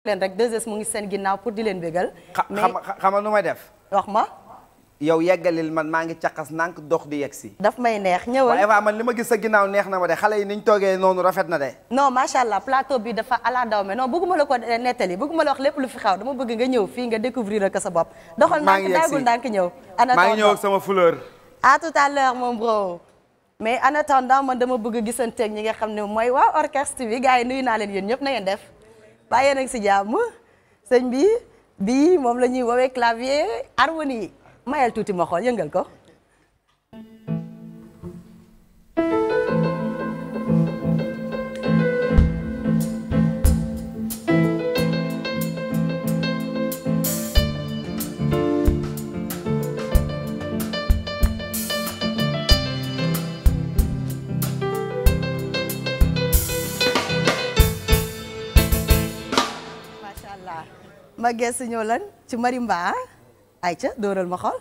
leen rek 2S mu ngi seen ginnaaw pour di leen bégal. mais xam nga nu may def. wax ma. yow yeggalil man maa ngi caqas nànk dox di yegg si. daf may neex ñëwal waaye Eva man li ma gis sa ginnaaw neex na ma xale yi niñ toogee noonu rafet na de. non macha allah plateau bi dafa ala daw me non bëgguma la ko nettali bëgguma la wax lépp lu fi xaw dama bëgg nga ñëw fii nga découvrir ak sa bopp. doxal nànk daagul nànk ñëw. ana maa ngi ñëw ak sama fleur. à tout à l'heure mon bro. dama bëgg gisanteeg ñi nga xam ne mooy waa orchestre bi gars yi nuyu naa leen yéen ñëpp na ngeen def bàyyee nag si jàmm sëñ bi bi moom la ñuy woowee clavier harmonie mayal tuuti ma xool yëngal ko ma gees ñëw lan ci Marimba ayca dóoral ma xool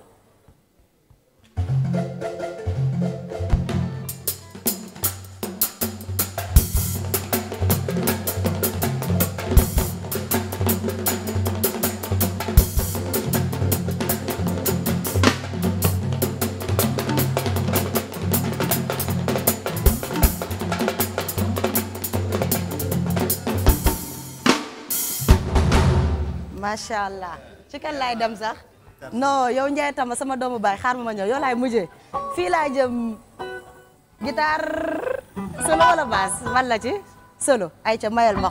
macha allah ci kan laay dem sax. non yow sama doomu baay xaar ma ma ñëw yow laay mujjee fii laa jëm guitare solo wala basse man la ci solo ay ca mayal ma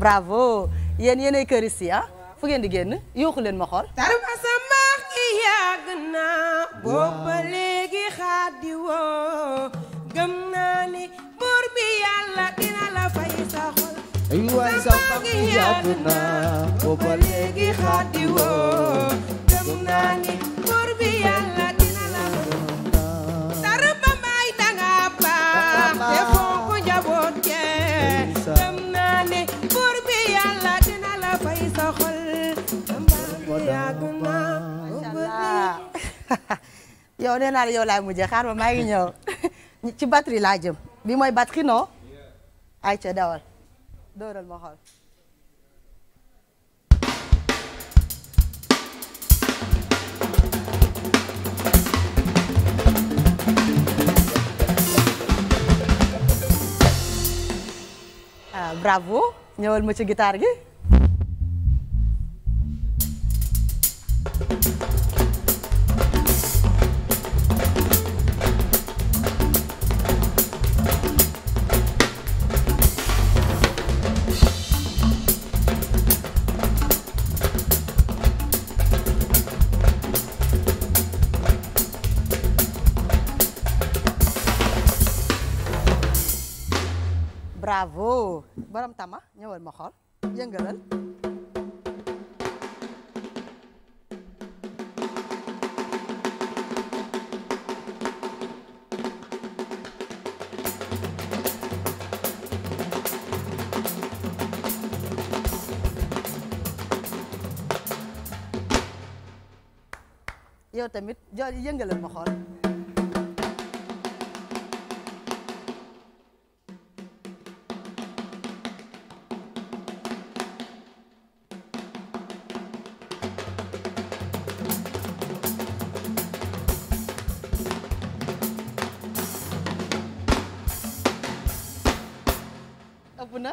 bravo yéen yéenay kër si fu ngeen di génn yuuxu leen ma xool. tarba sa maax gi yàgg naa. booba léegi xaadi woo. gëm naa ni buur bi yàlla dina la fay sa sa maax gi yàgg naa. booba léegi xaadi woo. gëm yow nee naa yow laay mujjee xaar ma maa ngi ñëw ci batterie laa jëm bi mooy batterie non ay ca dawal dóoral ma xool ah, ci guitare gi bravo borom tama ñëwal ma xool yëngalal tamit jooju yëngalal ma xool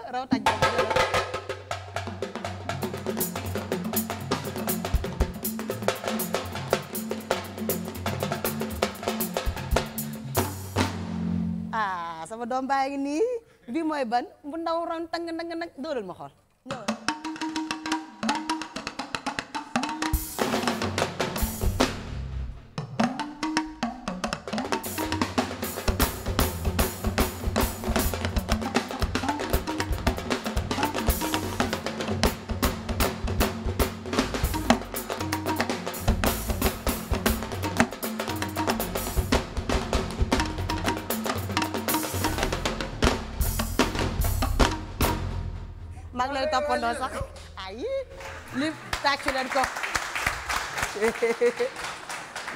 raw taj ah sama doom baa ngi nii bii mooy ban bu ndaw ron tang nang nang dóoral ma maa ngi leen toppandoo sax ay li tàccu leen ko.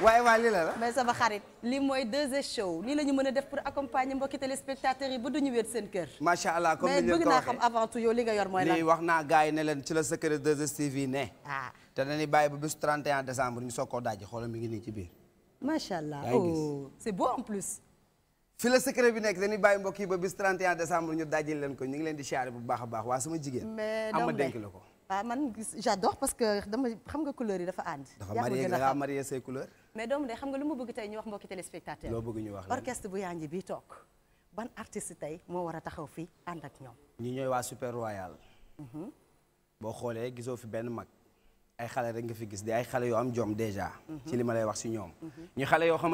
waaye waa lii la la. mais sama xarit lii mooy 2S show lii la ñu mën a def pour accompagner mbokki téléspectateurs yi ba du ñu wéet seen kër. macha allah comme ni bëgg naa xam avant tout yow li nga yor mooy lan. lii wax naa gars yi ne leen ci la sa kër 2STV ne. ah te dañuy bàyyi ba bis 31 décembre ñu soog koo daaj xoolal mi ngi nii ci biir. macha allah oh c'est beau en plus. fi la secret bi nekk dañuy bàyyi mbokk yi ba bis 31 décembre ñu dajil leen ko ñu ngi leen di siyaare bu baax waa sama jigéen. am ma dénk la ko. Ah, man j'adore parce que dama xam nga couleur yi dafa ànd. dafa marié nga marié say couleur mais doomu de xam nga lu ma bëgg tey ñu wax mbokki téléspectateur. loo bëgg ñu wax orchestre bu yaa ngi toog ban artiste tey moo war a taxaw fii ànd ak ñoom. ñi ñooy waa super royal. Mhm. boo xoolee gisoo fi benn mag. ay xale rek nga fi gis di ay xale yoo am jom déjà. Mhm. li ma lay wax si ñoom. Mhm.